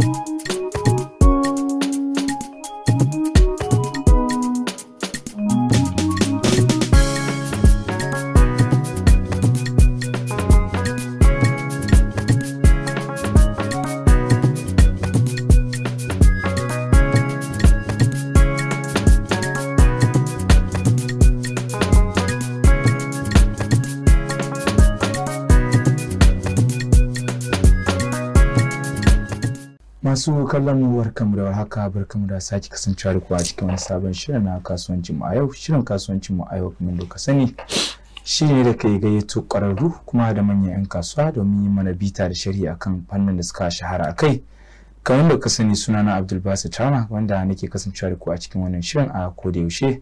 you kallon mu barkamu da warhaka mu da sake kasancewa da ku a cikin wani sabon shirin na kasuwancin mu a yau shirin kasuwancin mu a yau kamar da ka sani shi ne da kai gayyato ƙwararru kuma da manyan 'yan kasuwa domin yi mana bita da shari'a akan fannin da suka shahara a kai kamar da ka sani suna abdul basu tama wanda nake kasancewa da ku a cikin wannan shirin a da yaushe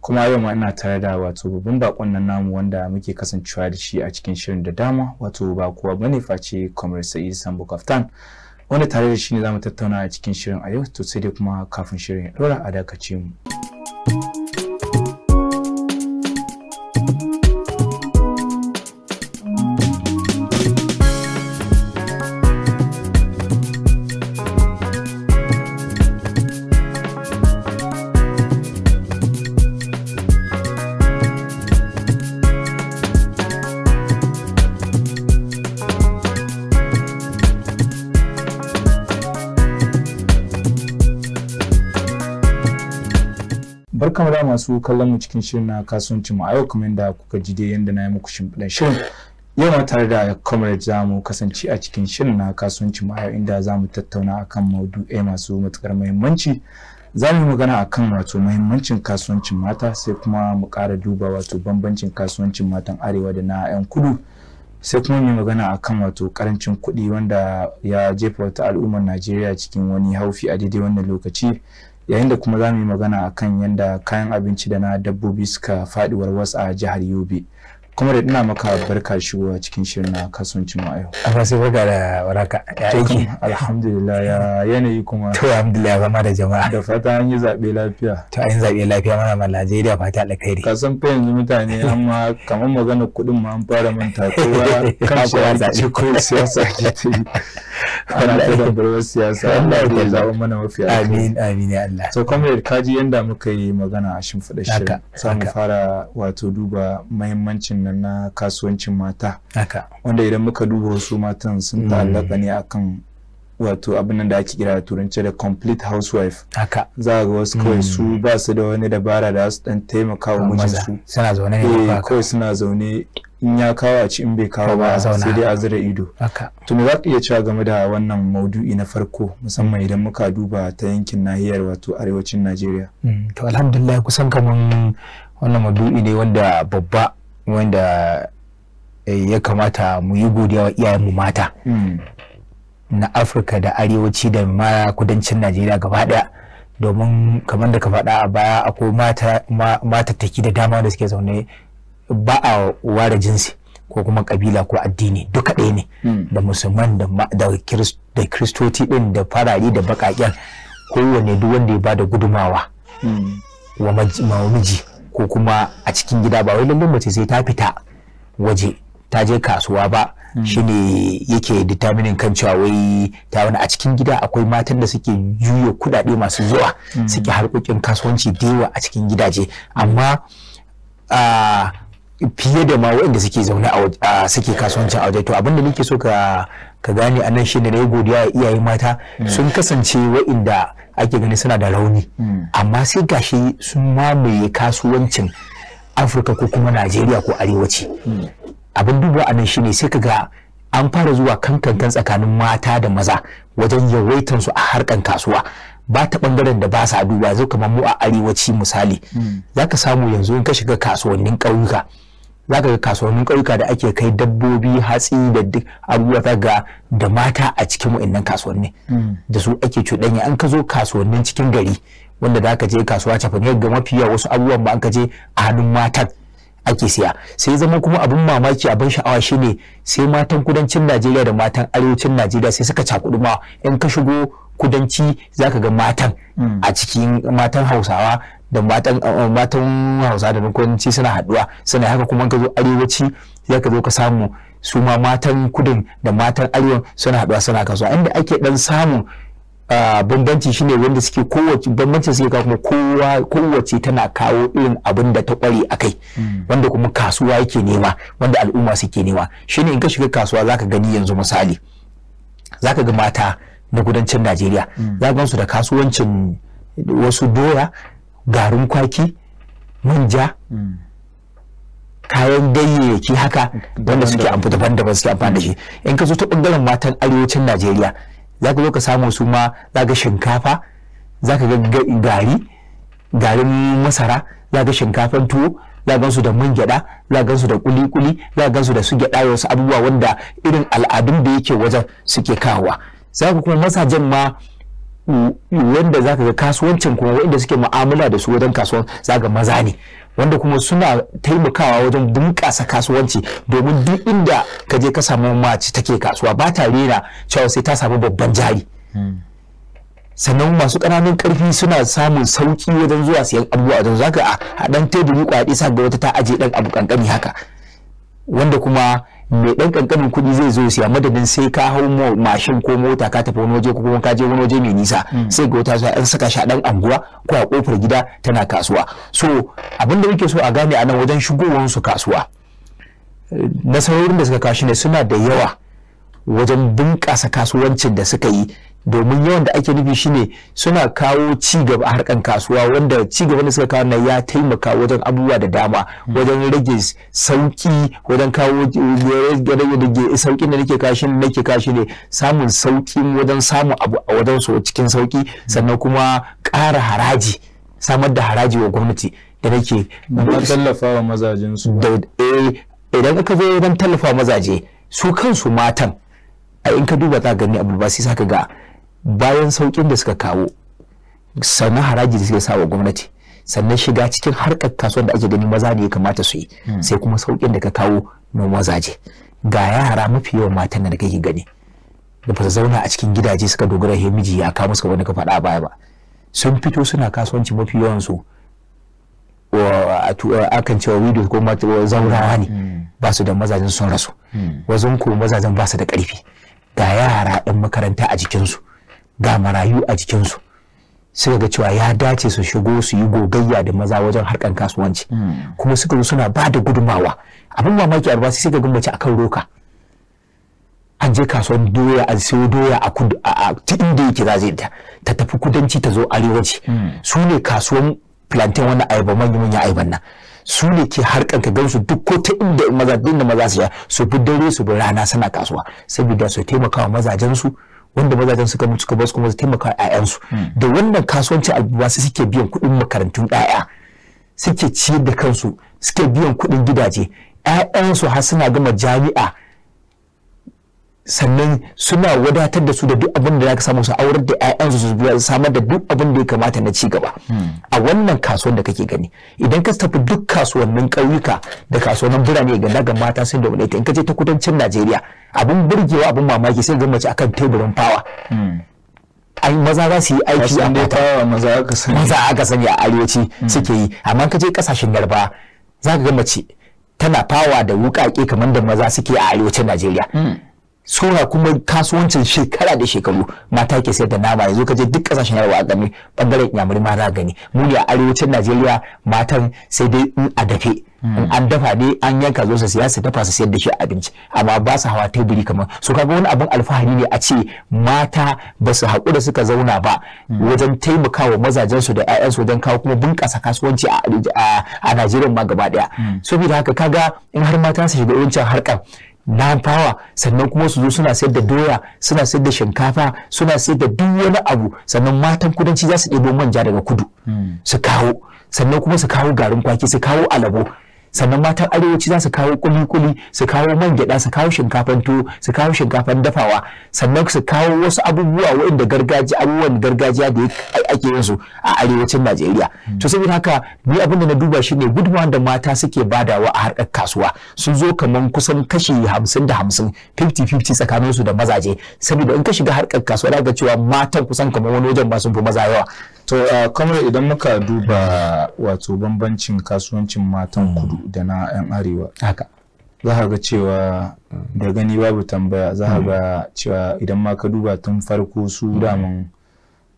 kuma yau ma ina tare da wato babban bakon nan namu wanda muke kasancewa da shi a cikin shirin da dama wato ba kowa bane face comrade sa'id sambo kaftan wanda tare da shi ne za mu tattauna a cikin shirin a yau to sai dai kuma kafin shirin ya ɗora a dakace mu. barkamu da masu kallon mu cikin shirin na kasuwanci mu a yau kamar yadda kuka ji dai yanda na yi muku shimfiɗan shirin yau na tare da comrade za mu kasance a cikin shirin na kasuwanci mu a yau inda za mu tattauna akan maudu'ai masu matukar muhimmanci za mu yi magana akan wato muhimmancin kasuwancin mata sai kuma mu ƙara duba wato bambancin kasuwancin matan arewa da na 'yan kudu sai kuma mai magana akan wato karancin kuɗi wanda ya jefa wata al'ummar najeriya cikin wani haufi a daidai wannan lokaci yayin da kuma za mu yi magana akan yadda kayan abinci da na dabbobi suka faɗi warwas a jihar yobe kuma da ina maka barka shigowa cikin shirin na kasuwancin mu a yau. Amma sai barka da waraka ya aiki. Alhamdulillah ya yanayi kuma. To alhamdulillah zama da jama'a. Da fata an yi zaɓe lafiya. To an yi zaɓe lafiya mana ma Najeriya fata alkhairi. Ka san fa yanzu mutane amma kamar magana kuɗin ma an fara manta kowa kan shi ya zaɓe ko siyasa ke ta yi. Ana ta zambarwar siyasa. Allah ya zaɓa mana mafi alkhairi. Amin amin ya Allah. To ka ji yanda muka yi magana a shimfiɗa shirin. Za mu fara wato duba muhimmancin nan na kasuwancin mata wanda idan muka duba wasu matan sun mm. ta'allaka ne akan wato abin da ake kira turanci da complete housewife haka za ga wasu mm. kawai su ba su da wani dabara da su dan taimaka wa mijinsu suna zaune ne eh, kawai suna zaune in ya kawo a ci in bai kawo ba sai dai a zira ido to me za ka iya cewa game da wannan maudu'i na farko musamman idan muka duba ta yankin nahiyar wato arewacin Najeriya mm, to alhamdulillah kusan kaman wannan maudu'i ne wanda babba wanda eh, ya kamata mu yi godiya wa iyayenmu mata hmm. na afirka da arewaci da ma kudancin najeriya gaba daya domin kamar da ka faɗa a baya akwai mata matattaki da dama da suke zaune ba a ware jinsi ko kuma kabila ko addini duka ɗaya ne hmm. da musulman da kiristoti ɗin da farari da baƙaƙen kowane duk wanda ya da gudumawa hmm. wa miji ko kuma a cikin gida ba wai lallai mace sai ta fita waje ta je kasuwa ba hmm. shine yake determining kan cewa wai ta wani a cikin gida akwai matan da suke juya kudade masu zuwa hmm. suke harkokin kasuwanci da yawa a cikin gidaje amma fiye da ma waɗanda suke zaune a suke kasuwanci a waje to abin da nake so ka ka gane anan shi ne godiya ya iyaye mata sun kasance wa'inda ake gani suna da rauni amma sai gashi sun mamaye kasuwancin afirka ko kuma najeriya ko arewaci abin duba anan shi ne sai ka ga an fara zuwa kankankan tsakanin mata da maza wajen yawaitan su a harkan kasuwa ba ta bangaren da ba sa duba zai kamar mu a arewaci misali hmm. zaka samu yanzu in ka shiga kasuwannin ƙauyuka za ka ga kasuwannin ƙauyuka da ake kai dabbobi hatsi da duk abubuwa ga da mata a cikin wa'annan kasuwanni hmm. da su ake cuɗanya an ka zo kasuwannin cikin gari wanda za ka je kasuwa cafin ga mafiya wasu abubuwan ba an ka je a hannun matan ake siya sai zama kuma abin mamaki abin sha'awa shine sai matan kudancin najeriya da matan arewacin najeriya sai suka cakudu ma in ka shigo kudanci zaka ga matan hmm. a cikin matan hausawa da matan eh, matan hausawa da kudanci suna haduwa suna haka kuma ka zo arewaci zaka zo ka samu su ma matan kudin da matan arewa suna haduwa suna kasuwa inda ake dan samu ah, bambanci shine wanda suke kowace bambanci suke kawo kowa kowace tana kawo irin abin da ta kware a kai hmm. wanda kuma kasuwa yake nema wanda al'umma suke nema shine in ka shiga kasuwa zaka gani yanzu misali zaka ga mata na kudancin najeriya mm. za gansu da kasuwancin wasu doya garin kwaki manja mm. kayan ganyayyaki haka wanda suke amfani daban-daban suke amfani da shi in ka zo ta bangaren matan arewacin najeriya za ka zo ka samu su ma za ka shinkafa za ka ga gari garin masara za ka shinkafan tuwo za gan su da man gyada za gan su da kuli-kuli za gan su da su gyada wasu abubuwa wanda irin al'adun da yake wajen suke kawowa za ku kuma masajen ma mm, wanda za ka ga kasuwancin kuma wanda suke mu'amala da su wajen kasuwan za ga maza ne wanda kuma suna taimakawa wajen bunƙasa kasuwanci domin duk inda ka je ka samu mace take kasuwa ba ta rera cewa sai ta samu babban jari sannan masu ƙananan ƙarfi suna samun sauƙi wajen zuwa siyan abubuwa wajen za ka a ɗan teburi kwaɗi sa ga wata ta aje ɗan abu ƙanƙani haka wanda kuma mai dan kankanin kuɗi zai zo siya madadin sai ka hau mashin ko mota ka tafi wani waje ko kuma ka je wani waje mai nisa mm. sai ga wata zuwa an saka shi a dan anguwa ko a kofar gida tana kasuwa so abin da muke so a gane a nan wajen shigowar su kasuwa eh, nasarorin da suka kashi ne suna da yawa wajen bunƙasa kasuwancin da suka yi domin yawan da ake nufi shine suna kawo ci gaba a harkan kasuwa wanda ci gaba da suka kawo nan ya taimaka wajen abubuwa da dama hmm. wajen rage sauki wajen kawo rage saukin da nake kashi nake kashi ne samun sauki wajen samun abu a wajen su cikin sauki sannan hmm. kuma ƙara haraji samar da haraji wa gwamnati da nake tallafawa mazajen su eh, idan aka zo wajen tallafa mazaje su kansu matan in ka duba za gani abu ba sai saka ga bayan saukin da suka kawo sannan haraji da suke sawa gwamnati sannan shiga cikin harkar kasuwar da ake gani maza ne ya kamata su yi hmm. sai kuma saukin da ka kawo na mazaje ga yara mafi yawan matan da kake gani da ba su zauna a cikin gidaje suka dogara ya miji ya kawo musu wani ka faɗa a baya ba sun fito suna kasuwanci mafi yawan su akan cewa widows ko zaurawa ne hmm. ba su da mazajen sun rasu hmm. wazon ko mazajen ba su da ƙarfi ga yara yan makaranta a jikinsu ga marayu a jikinsu suka ga cewa ya dace su shigo su yi gogayya da maza wajen harkan kasuwanci hmm. kuma suka zo suna ba da gudumawa abin mamaki arba sai ga mace akan roka an je kasuwar doya an sayo doya a kudu a ta inda yake za zai ta tafi kudanci ta zo arewaci hmm. su ne kasuwan plantain wannan ayaba manyan manyan ayaban nan su ne ke harkan ka gamsu duk ko ta inda maza su ya su bi dare su bi rana suna kasuwa saboda su taimaka wa mazajen wanda mazajen suka mutu suka kuma su taimaka ƴaƴansu hmm. da wannan kasuwanci albuba su suke biyan kuɗin makarantun ƴaƴa suke ciyar da kansu suke biyan kuɗin gidaje ƴaƴansu har suna gama jami'a sannan suna wadatar da su da duk abin da za ka samu su aurar da 'ya'yansu su samar da duk abin da ya kamata na ci gaba hmm. a wannan kasuwar da kake gani idan ka tafi duk kasuwannin ƙauyuka da kasuwannin birane ga daga mata sun da in ka je ta kudancin najeriya abin burgewa abin mamaki sai ga mace akan teburin fawa hmm. ai maza za su yi aiki a mata maza aka sani a arewaci hmm. suke yi amma ka je kasashen yarba za ka ga mace tana fawa da wuƙaƙe kamar da maza suke a arewacin najeriya sora kuma kasuwancin shekara da shekaru mata ke sayar da nama yanzu kaje duk kasashen yarwa a gani bangaren yamuri ma za gani mu ne a arewacin Najeriya matan sai dai in a dafe an dafa ne an yanka zo su siya su dafa su sayar da shi abinci amma ba su hawa teburi kamar so kaga wani abin alfahari ne a ce mata ba su da suka zauna ba wajen taimakawa mazajen su da ƴaƴan su wajen kawo kuma bunƙasa kasuwanci a Najeriya ma gaba daya hmm. saboda haka kaga in har mata su shiga wancan harkar na sannan kuma su zo suna sayar da doya suna sayar da shinkafa suna sayar da duk wani abu sannan matan kudanci za su ɗebo manja daga kudu hmm. su kawo sannan kuma su kawo garin kwaki su kawo alabo sannan matan arewaci za su kawo kuli-kuli su kawo man gyaɗa su kawo shinkafan tuwo su kawo shinkafan dafawa sannan su kawo wasu abubuwa waɗanda gargajiya abubuwan gargajiya da ake yin su a arewacin Najeriya to saboda haka ni abin da na duba shine gudunmawar da mata suke badawa a harkar kasuwa sun zo kaman kusan kashi hamsin da hamsin fifty tsakanin su da mazaje saboda in ka shiga harkar kasuwa za ka cewa matan kusan kaman wani wajen ba sun fi maza yawa to a kamar idan muka duba wato bambancin kasuwancin matan hmm. kudu da na 'yan arewa haka za ka ga cewa hmm. da gani babu tambaya za ka hmm. ga cewa idan ma ka duba tun farko su daman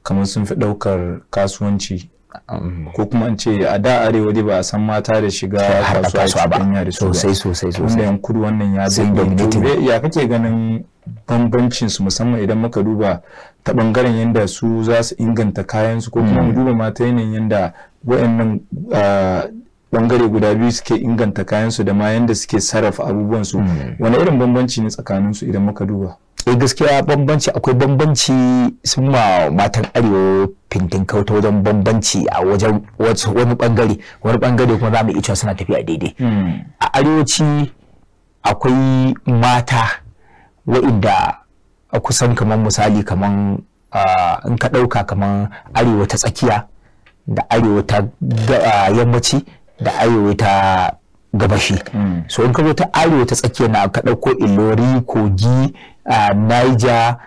kamar sun fi ɗaukar kasuwanci ko kuma an ce a da arewa dai ba a san mata da shiga kasuwa ba sosai sosai sosai wanda yan kudu wannan ya zai ya kake ganin bambancinsu musamman idan muka duba ta bangaren yadda su za su inganta kayansu ko kuma mu mm. duba mata yanayin yadda wa'annan bangare guda biyu suke inganta kayansu da ma yadda suke sarrafa abubuwansu mm. wani irin bambanci ne tsakaninsu idan muka duba eh gaskiya bambanci akwai bambanci sun ma matan arewa fintin kauta wajen bambanci a wajen wani bangare wani bangare kuma za mu iya cewa suna tafiya daidai mm. a arewaci akwai mata wa'inda kusan kamar misali kamar in ka ɗauka kamar arewa ta tsakiya da arewa ta yammaci da arewa ta gabashi hmm. so in ka zo ta arewa ta tsakiya na ka ɗauko ilori kogi niger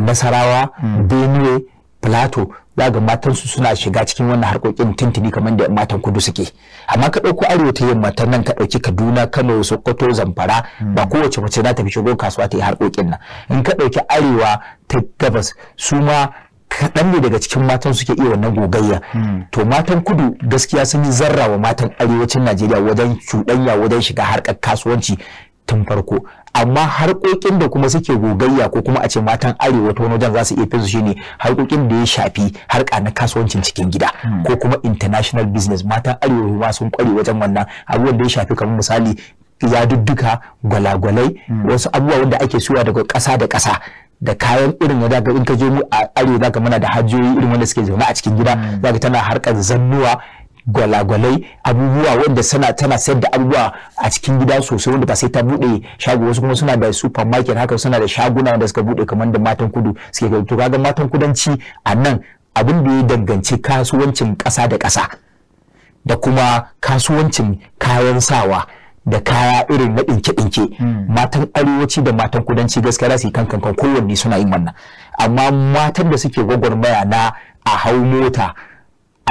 nasarawa hmm. benue plateau zaga matansu suna shiga cikin wannan harkokin tintini kamar da matan kudu suke amma ka ɗauko arewa ta yamma ta nan ka ɗauki kaduna kano sokoto zamfara hmm. ba kowace mace za ta fi shigo kasuwa ta yi harkokin nan in ka ɗauki arewa ta gabas su ma kaɗan ne daga cikin matan suke iya wannan gogayya hmm. to matan kudu gaskiya sun yi zarra wa matan arewacin najeriya wajen cuɗanya wajen shiga harkar kasuwanci tun farko amma harkokin da kuma suke gogayya ko kuma a ce matan arewa ta wani wajen za su iya finsu shine harkokin da ya shafi harka na kasuwancin cikin gida hmm. ko kuma international business matan arewa ma sun kware wajen wannan abubuwan da ya shafi kamar misali yadudduka gwalagwalai hmm. wasu abubuwa wanda ake suwa daga kasa da kasa da kayan irin da in ka je mu a arewa zaka muna da hajjoyi irin wanda suke zaune a cikin gida hmm. zaka tana harkar zannuwa gwalagwalai abubuwa wanda sana tana sayar da abubuwa a cikin gida sosai wanda ba sai ta bude shago wasu kuma suna da supermarket haka suna da shaguna wanda suka bude kamar da matan kudu suke kai to kaga matan kudanci a nan abin da ya danganci kasuwancin kasa da kasa da kuma kasuwancin kayan sawa da kaya irin na dinke dinke hmm. matan arewaci da matan kudanci gaskiya za su yi kankan kowanne suna yin wannan amma matan da suke gwagwarmaya na a hau mota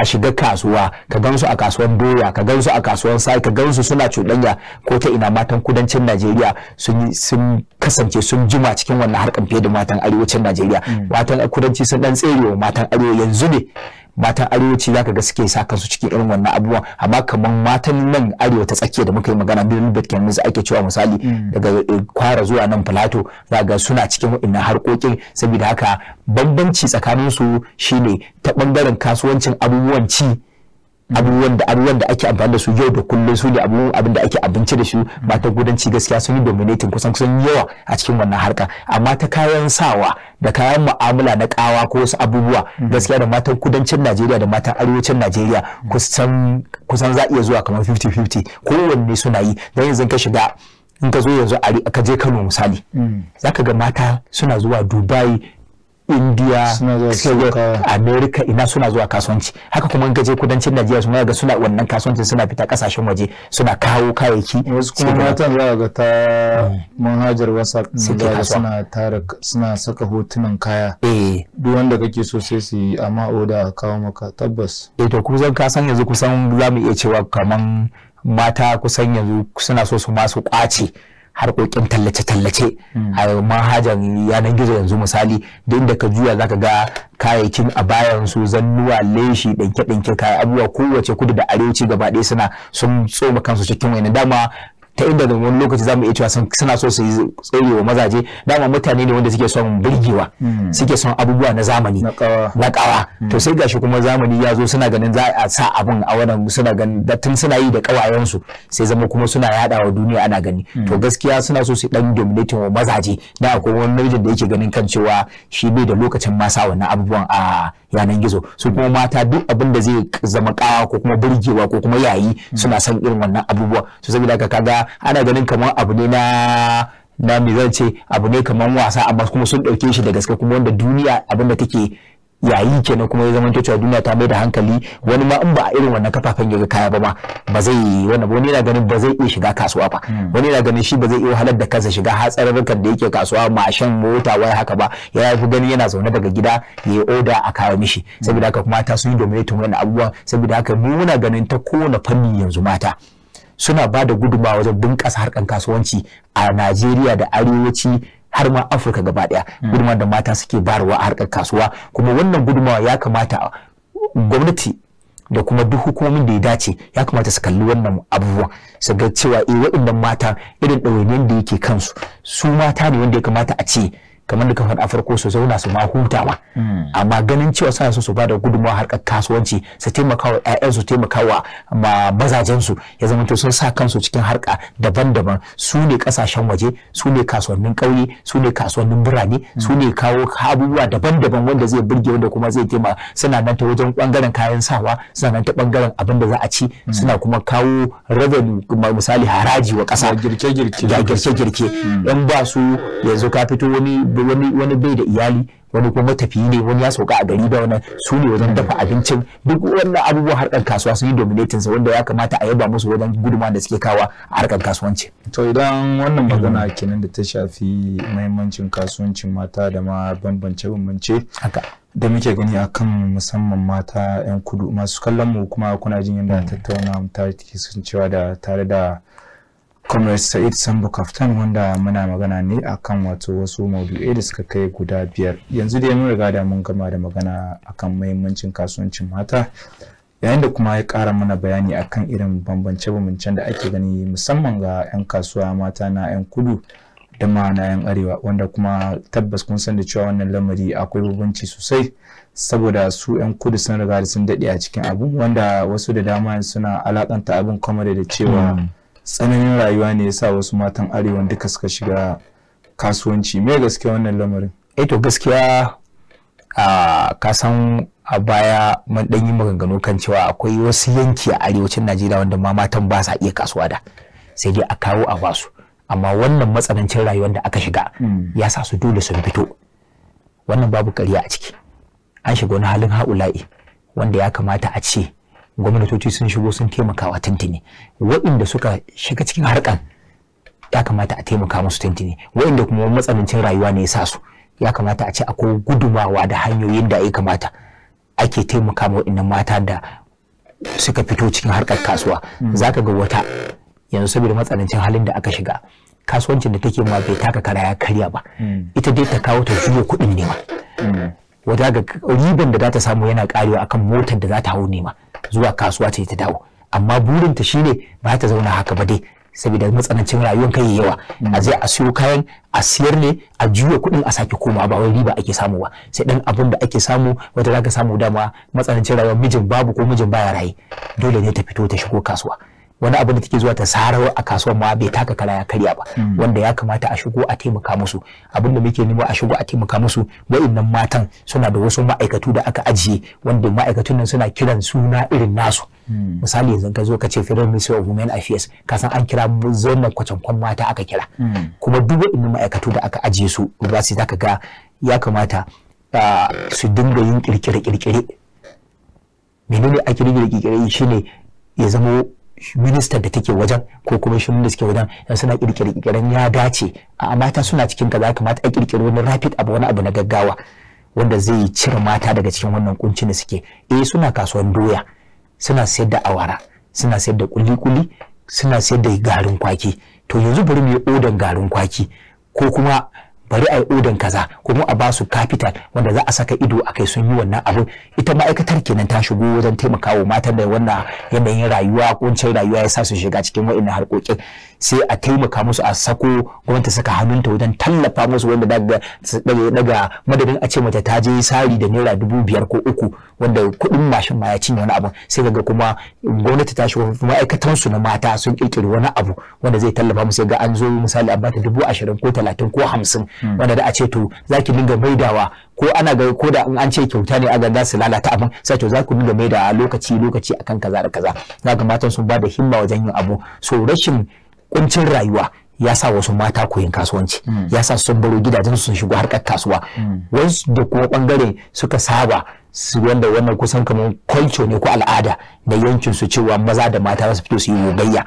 a shiga kasuwa ka gansu a kasuwan doya ka gansu a kasuwan sai ka gansu suna cuɗanya ko ta ina matan kudancin Najeriya sun sun kasance sun jima cikin wannan harkan fiye da matan arewacin Najeriya mm. matan kudanci sun dan wa matan arewa yanzu ne matan arewaci za ka ga suke sa kansu cikin irin wannan abuwa amma kamar matan nan arewa ta tsakiya da muka yi magana birnin bitcoin yanzu ake cewa misali hmm. daga eh, kwara zuwa nan plato za ga suna cikin waɗannan harkokin saboda haka bambanci tsakanin tsakaninsu shine ta bangaren kasuwancin abubuwan ci abubuwan da abubuwan da ake amfani da su yau da kullum su ne abin da ake abinci da su ba ta gudanci gaskiya sun yi dominatin kusan kusan yawa a cikin wannan harka amma ta kayan sawa da kayan mu'amala na kawa ko wasu abubuwa gaskiya da matan kudancin Najeriya da matan arewacin Najeriya kusan kusan za iya zuwa kamar 50-50 kowanne suna yi don yanzu ka shiga in ka zo yanzu ka je Kano misali mm. zaka ga mata suna zuwa Dubai indiya america ina suna zuwa kasuwanci haka kuma in je kudancin najeriya suna ga suna wannan kasuwancin suna fita kasashen waje suna kawo kayayyaki wasu kuma matan za ga ta hmm. manhajar whatsapp suna saka hotunan kaya eh duk wanda kake so sai su yi amma oda a kawo maka tabbas eh to ku ka san yanzu kusan za mu iya cewa kaman mata kusan yanzu suna so su masu su kwace harkokin tallace-tallace a mahajan yanar gizo yanzu misali da inda ka juya zaka ga kayayyakin a bayan su zannuwa leshi ɗanke-ɗanke kayan abubuwa kowace kudu da arewaci gaba ɗaya suna sun tsoma kansu cikin wani dama ta inda da wani lokaci zamu iya cewa suna so su yi tsere wa mazaje dama mutane ne wanda suke son birgewa hmm. suke son abubuwa na zamani na kawa hmm. to sai gashi kuma zamani ya zo suna ganin za a sa abun a wannan suna ganin da tun suna yi da kawayen su sai zama kuma suna yada wa duniya ana gani hmm. to gaskiya suna so su dan dominating wa mazaje da akwai wani namijin da yake ganin kan cewa shi bai da lokacin ma sa wannan abubuwan a yanan gizo su kuma mata duk abin da zai zama kawa ko kuma burgewa ko kuma yayi suna san irin wannan abubuwa su saboda ka kaga ana ganin kamar abu ne na na me zan ce abu ne kamar wasa amma kuma sun ɗauke shi da gaske kuma wanda duniya abin da take yayi kenan kuma ya zamanto cewa duniya ta mai da hankali wani ma in ba a irin wannan kafafen ya ga kaya ba ma ba zai wannan wani yana ganin ba zai iya shiga kasuwa ba hmm. wani yana ganin shi ba zai iya halar da kansa shiga hatsarurrukan da yake kasuwa ma shan mota wai haka ba ya fi ganin yana zaune daga gida ya yi oda a kawo mishi hmm. saboda haka kuma ta sun yi dominatin wani abubuwa saboda haka mu muna ganin ta kowane fanni yanzu mata suna ba da gudunmawa wajen bunƙasa harkar kasuwanci a Najeriya da arewaci har ma afirka gaba ɗaya hmm. gudunmawa da mata suke bayarwa a harkar kasuwa kuma wannan gudunmawa ya kamata gwamnati da kuma duk hukumomin da ya dace ya kamata su kalli wannan abubuwan su ga cewa eh waɗannan mata irin ɗawainiyar da yake kansu su mata ne wanda ya kamata a ce kamar da ka farko su zauna su ma hutawa hmm. amma ganin cewa suna so su bada gudunmawa harkar kasuwanci su taimaka wa ƴaƴan su taimaka wa mazajen ya zama to sun sa kansu cikin harka daban-daban su ne kasashen waje su ne kasuwannin ƙauye su ne kasuwannin birane su ne hmm. kawo abubuwa daban-daban wanda zai burge wanda kuma zai taimaka suna nan ta wajen ɓangaren kayan sawa suna nan ta bangaren abin da za a ci hmm. suna kuma kawo revenue misali haraji wa ƙasa girke-girke girke-girke in ba su yanzu ka fito wani da wani wani bai da iyali wani kuma matafiyi ne wani ya sauka a gari da wani su ne wajen dafa abincin duk wannan abubuwan harkar kasuwa sun yi dominating wanda ya kamata a yaba musu wajen guduma da suke kawa a harkar kasuwanci to idan wannan mm. magana kenan da ta shafi mahimmancin kasuwancin mata da ma bambance bambance haka da muke gani a kan musamman mata 'yan kudu masu kallon mu kuma kuna jin yadda mm. tattauna ta ke sun cewa da tare da comrade sa'id sambo kaftan wanda muna magana ne akan wato wasu maudu'ai da suka kai guda biyar yanzu dai mun riga da mun gama da magana akan mahimmancin kasuwancin mata yayin da kuma ya kara mana bayani akan irin bambance-bambancen da ake gani musamman ga 'yan kasuwa mata na 'yan kudu da ma na 'yan arewa wanda kuma tabbas kun san da cewa wannan lamari akwai bambanci sosai saboda su 'yan kudu sun riga da sun daɗe a cikin abu wanda wasu da dama suna alakanta abin kamar da cewa hmm. tsananin rayuwa ne ya sa wasu matan arewa duka suka shiga kasuwanci me gaskiya wannan lamarin eh to gaskiya a kasan a baya mun dan yi maganganu kan cewa akwai wasu yanki a arewacin Najeriya wanda ma matan ba sa iya kasuwa da sai dai a kawo a basu amma wannan matsanancin rayuwar da aka shiga hmm. ya sa su dole sun fito wannan babu ƙarya a ciki an shiga wani halin ha'ula'i wanda ya kamata a ce gwamnatoci sun shigo sun taimakawa tuntuni waɗanda suka shiga cikin harkan ya kamata a taimaka musu tuntuni waɗanda kuma matsanancin rayuwa ne ya sa su ya kamata a ce akwai gudumawa da hanyoyin da ya kamata ake taimaka ma waɗannan mata da suka fito cikin harkar kasuwa mm. za ka ga wata yanzu saboda matsanancin halin da aka shiga kasuwancin da take ma bai taka kara ya karya ba mm. ita dai ta kawo ta juya kuɗin nema mm. wata ga riban da za ta samu yana karewa akan motar da za ta hau nema zuwa kasuwa ce ta dawo amma burinta shine ba ta zauna haka ba dai saboda matsanancin rayuwar kai yawa a zai a siyo kayan a siyar ne a juya kuɗin a sake koma ba wai riba ake samu ba sai dan abin da ake samu wata zaka samu dama matsanancin rayuwar mijin babu ko mijin baya raye dole ne ta fito ta shigo kasuwa wani abu da take zuwa ta sarar a kasuwar ma bai taka kara ya karya ba hmm. wanda ya kamata a shigo a taimaka musu abin da muke nema a shigo a taimaka musu wayannan matan suna da wasu ma'aikatu da aka ajiye wanda ma'aikatun nan suna kiran suna irin nasu hmm. misali yanzu ka zo ka ce Federal Ministry of Women Affairs ka san an kira zonan kwacankwan mata aka kira hmm. kuma duk wayannan ma'aikatu da aka ajiye su ba su zaka ga ya kamata ah, su dinga yin kirkire-kirkire menene a kirkire-kirkire shine ya zama Minister da take wajen ko kuma shi da suke wajen yan eh, suna kirkire kirkiren ya dace a mata suna cikin kaza zaka mata a kirkire wani rapid abu wani abu na gaggawa wanda zai cire mata daga cikin wannan kuncin da suke eh suna kasuwan doya suna sayar da awara suna sayar da kulli kulli suna sayar da garin kwaki to yanzu bari mu yi odan garin kwaki ko kuma bari a odan kaza kuma a basu capital wanda za a saka ido a kai sun yi wannan abin ita ma'aikatar kenan ta shigo wajen taimakawa matan da wannan yanayin rayuwa kuncin rayuwa ya sa su shiga cikin wa'annan harkokin sai a taimaka musu a sako gwamnati saka hannunta wajen tallafa musu wanda daga daga madadin a ce mata ta je sari da naira dubu biyar ko uku wanda kuɗin mashin ma ya cinye wani abu sai ga kuma gwamnati ta shigo ma'aikatar su na mata sun kirkiri wani abu wanda zai tallafa musu ga an zo misali a bata dubu ashirin ko talatin ko hamsin Hmm. wanda da a ce to za ki dinga maidawa ko ana ga ko da in an ce kyauta ne ga za su lalata abin sai to za ku dinga maidawa lokaci lokaci akan kaza da kaza za ga matan sun ba da himma wajen yin abu so rashin kuncin rayuwa ya sa wasu mata koyin kasuwanci hmm. ya sa sun baro gidajen sun shigo harkar kasuwa hmm. wasu da kuma bangare suka saba su wanda wannan kusan kamar culture ne ko al'ada da yankin su cewa maza da mata za su fito su yi gogayya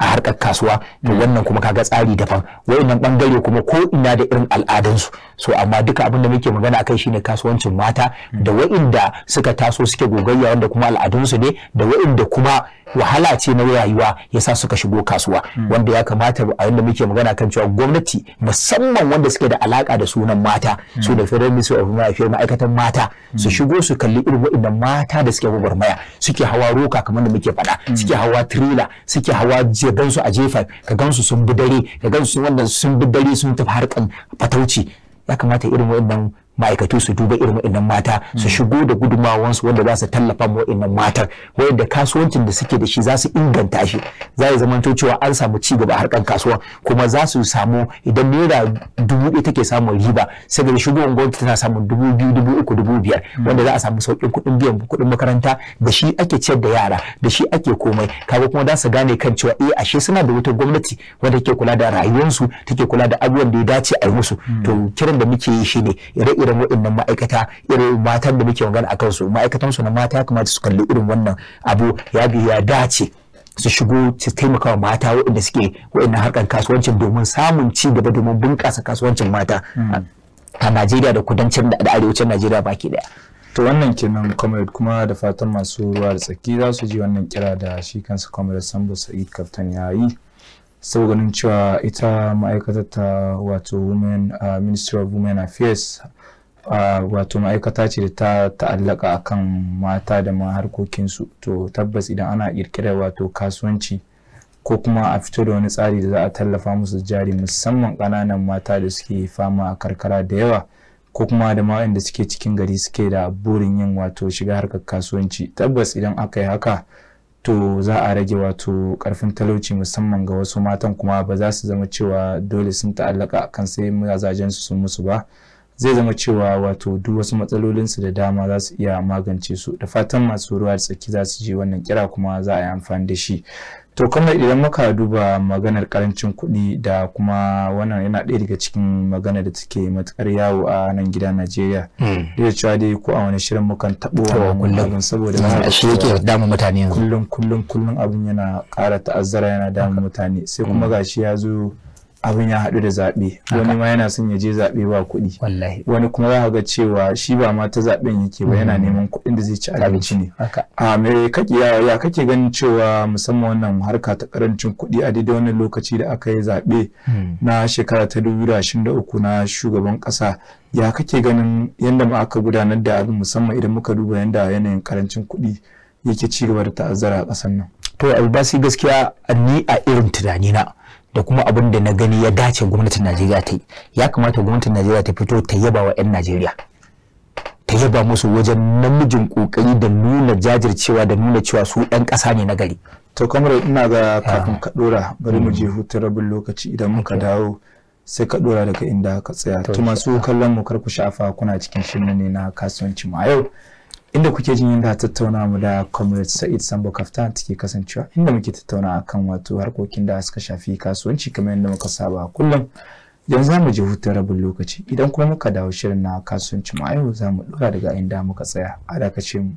a harkar kasuwa da wannan kuma kaga tsari daban wayannan bangare kuma ko ina da irin al'adansu so amma duka abin da muke magana akai shine kasuwancin mata da wayanda suka taso suke gogayya wanda kuma al'adunsu ne da wayanda kuma wahala ce na rayuwa yasa suka shigo kasuwa hmm. wanda ya kamata a yanda muke magana kan cewa gwamnati musamman wanda suke da alaka da sunan mata hmm. su da Federal Ministry of affairs ma'aikatan mata su hmm. shigo su kalli irin waɗannan mata da suke gwagwarmaya suke hawa roka kamar da muke faɗa suke hawa trailer suke hawa gansu a jefa ka gansu sun bi dare ka gansu wannan sun bi dare sun tafi harkan fatauci ya kamata irin waɗannan ma'aikatu su duba irin waɗannan mata su hmm. shigo da gudumawansu wanda za su tallafa ma waɗannan matar wanda kasuwancin da suke da shi za su inganta shi za ya zama cewa an samu ci gaba harkar kasuwa kuma za su samu idan naira dubu ɗaya take samun riba sai da shigowar gwamnati tana samun dubu biyu dubu uku dubu biyar hmm. wanda za a samu sauƙin kuɗin biyan kuɗin makaranta da shi ake ciyar da yara da shi ake komai kaga kuma za su gane kan cewa eh ashe suna da wutar gwamnati wanda take kula da rayuwarsu take kula da abubuwan da ya dace a yi musu hmm. to kiran da muke yi shine ire-ire irin waɗannan ma'aikata irin matan da muke magana a kansu ma'aikatan su na mata ya kamata su kalli irin wannan abu ya bi ya dace su shigo su taimaka wa mata waɗanda suke waɗannan harkar kasuwancin domin samun ci gaba domin bunƙasa kasuwancin mata hmm. a Najeriya da kudancin da arewacin Najeriya baki ɗaya. To wannan kenan comrade kuma da fatan masu ruwa da tsaki za su ji wannan kira da shi kansa comrade Sambo Sa'id Kaftan ya yi. sau ganin cewa ita ma'aikatar ta wato women uh, ministry of women affairs wato ma'aikata ce da ta ta'allaka a kan mata da ma harkokinsu to tabbas idan ana kirkirar wato kasuwanci ko kuma a fito da wani tsari da za a tallafa musu jari musamman ƙananan mata da suke fama a karkara da yawa ko kuma da ma da suke cikin gari suke da burin yin wato shiga harkar kasuwanci tabbas idan aka yi haka to za a rage wato karfin talauci musamman ga wasu matan kuma ba za su zama cewa dole sun ta'allaka kan sai mazajen su sun musu ba zai zama cewa wato duk wasu matsalolinsu da dama za su iya magance su da fatan masu ruwa da tsaki za su je wannan kira kuma za a yi amfani da shi to kamar idan muka duba maganar karancin kuɗi da kuma wannan yana ɗaya daga cikin magana da take matukar yawo a nan gida najeriya hmm. da cewa dai ko a wani shirin mukan taɓo kullum saboda shi yake damun mutane kullum kullum kullum abin yana ƙara ta'azzara yana damun mutane sai kuma hmm. gashi ya zo abin ya haɗu da zaɓe wani ma yana son ya je zaɓe ba kuɗi wani kuma za ga cewa shi ba ma ta zaɓen yake ba yana hmm. neman kuɗin da zai ci abinci ne a mai kake ya kake ganin cewa musamman wannan harka ta karancin kuɗi a daidai wannan lokaci da aka yi zaɓe hmm. na shekara ta dubu da ashirin da uku na shugaban ƙasa ya kake ganin yadda ma aka gudanar da abin musamman idan muka duba yadda yanayin karancin kuɗi yake ci gaba da ta'azzara a ƙasar nan. to albasi gaskiya ni a irin tunani na. da kuma abin da na gani ya dace gwamnatin Najeriya ta yi ya kamata gwamnatin Najeriya ta fito ta yaba wa 'yan Najeriya ta yaba musu wajen namijin kokari da nuna jajircewa da nuna cewa su ɗan ƙasa ne na gari to kamar ina ga ah. kafin ka dora bari mu je mm. hutu rabin lokaci idan muka dawo sai ka dora daga inda ka tsaya to masu kallon mu karku shafa kuna cikin shirin ne na kasuwanci mu a yau inda kuke jin yadda tattauna mu da comrade sa'id sambo kaftan take kasancewa inda muke tattauna akan wato harkokin da suka shafi kasuwanci kamar yadda muka saba kullum yanzu za mu je hutun rabin lokaci idan kuma muka dawo shirin na kasuwanci mu yau za mu ɗora daga inda muka tsaya a dakace mu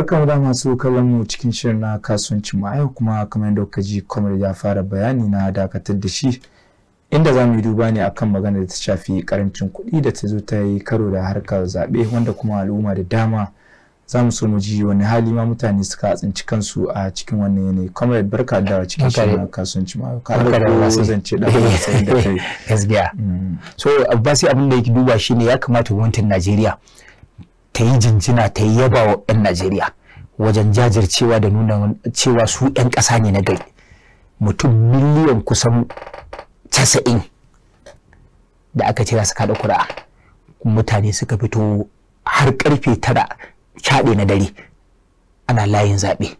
barkan da masu kallon mu cikin shirin na kasuwancin mu kuma kamar yadda kuka ji kwamar ya fara bayani na dakatar da shi inda za mu yi duba ne akan magana da ta shafi karancin kuɗi da ta zo ta yi karo da harkar zaɓe wanda kuma al'umma da dama za mu so mu ji wani hali ma mutane suka tsinci kansu a cikin wannan yanayi comrade barka da cikin shirin na kasuwanci ma ka da ko zance da sai da kai gaskiya mm. so abbasi abin da yake duba shine ya kamata gwamnatin Najeriya ta yi jinjina ta yi yaba wa 'yan Najeriya wajen jajircewa da nuna cewa su 'yan ƙasa ne na gari mutum miliyan kusan casa'in da aka ce su kaɗa kura mutane suka fito har karfe tara caɗe na dare ana layin zaɓe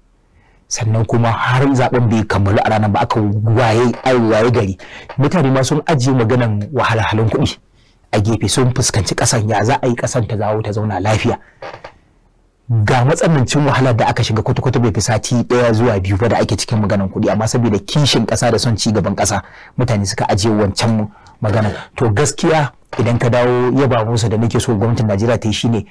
sannan kuma har zaɓen bai kammalu a ranar ba aka waye gari mutane ma sun ajiye maganan wahalhalun kuɗi a gefe sun fuskanci kasan ya za a yi ƙasan ta zawo ta zauna lafiya ga matsanancin wahalar da aka shiga kwata-kwata bai fi sati daya zuwa biyu ba da ake cikin maganan kuɗi amma saboda kishin ƙasa da son ci gaban ƙasa mutane suka ajiye wancan magana to gaskiya idan ka dawo yaba musu da nake so gwamnatin Najeriya ta yi shine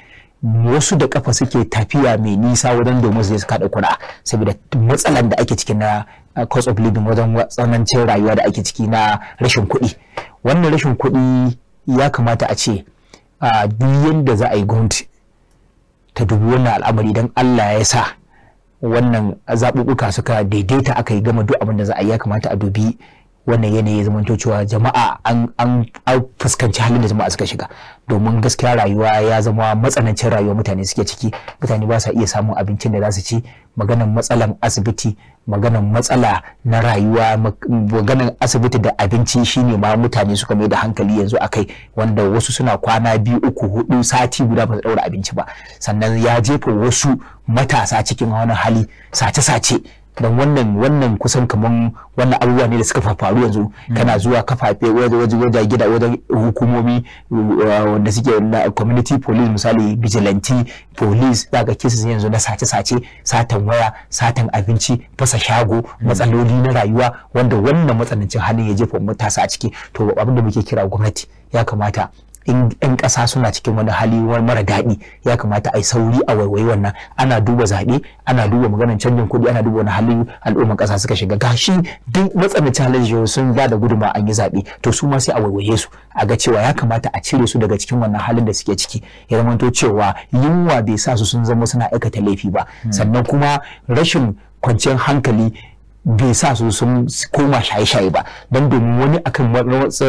wasu da kafa suke tafiya mai nisa wajen domin su je su kada kura saboda matsalan da ake ciki na uh, cost of living wajen tsanancin rayuwa da ake ciki na rashin kuɗi wannan rashin kuɗi ya kamata a ce a duk yadda za a yi gwamnati ta dubi wannan al'amari don Allah ya sa wannan zaɓuɓɓuka suka daidaita aka yi gama duk abin da za a yi ya kamata a dubi wannan yanayi zaman zamanto cewa jama'a an fuskanci halin da jama'a suka shiga domin gaskiya rayuwa ya zama matsanancin rayuwa mutane suke ciki mutane ba sa iya samun abincin da za su ci maganan matsalan asibiti maganan matsala na rayuwa maganan asibiti da abinci shine ma mutane suka mai da hankali yanzu a kai. wanda wasu suna kwana biyu uku hudu sati guda ba su daura abinci ba sannan ya jefa wasu matasa cikin wani hali sace-sace dan wannan wannan kusan kaman wannan abubuwa ne da suka faru yanzu hmm. kana zuwa kafafe waje waje gida wajen hukumomi uh, wanda suke na community police misali vigilante police zaka kisa yanzu na sace sace satan waya satan abinci fasa shago hmm. matsaloli na rayuwa wanda wannan matsanancin halin ya jefa matasa a ciki to abin da muke kira gwamnati ya kamata in ƙasa suna cikin wani hali mara daɗi ya kamata a yi sauri a waiwai wannan ana duba zaɓe ana duba maganar canjin kuɗi ana duba wani hali al'umman ƙasa suka shiga gashi duk matsanancin halin sun ba da guduma an yi zaɓe to su ma sai a waiwaye su a ga cewa ya kamata a cire su daga cikin wannan halin da suke ciki ya zamanto cewa yunwa bai sa su sun zama suna aikata laifi ba hmm. sannan kuma rashin kwanciyar hankali bai sa su sun koma shaye-shaye ba don domin wani akan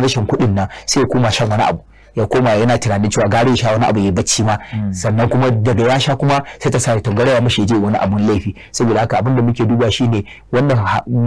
rashin kuɗin nan sai koma shan wani abu ya koma yana tunanin cewa ya sha wani abu ya bacci ma hmm. sannan kuma daga ya sha kuma sai ta sa ya tangarawa mashi je wani abun laifi saboda haka abin da muke duba shine wannan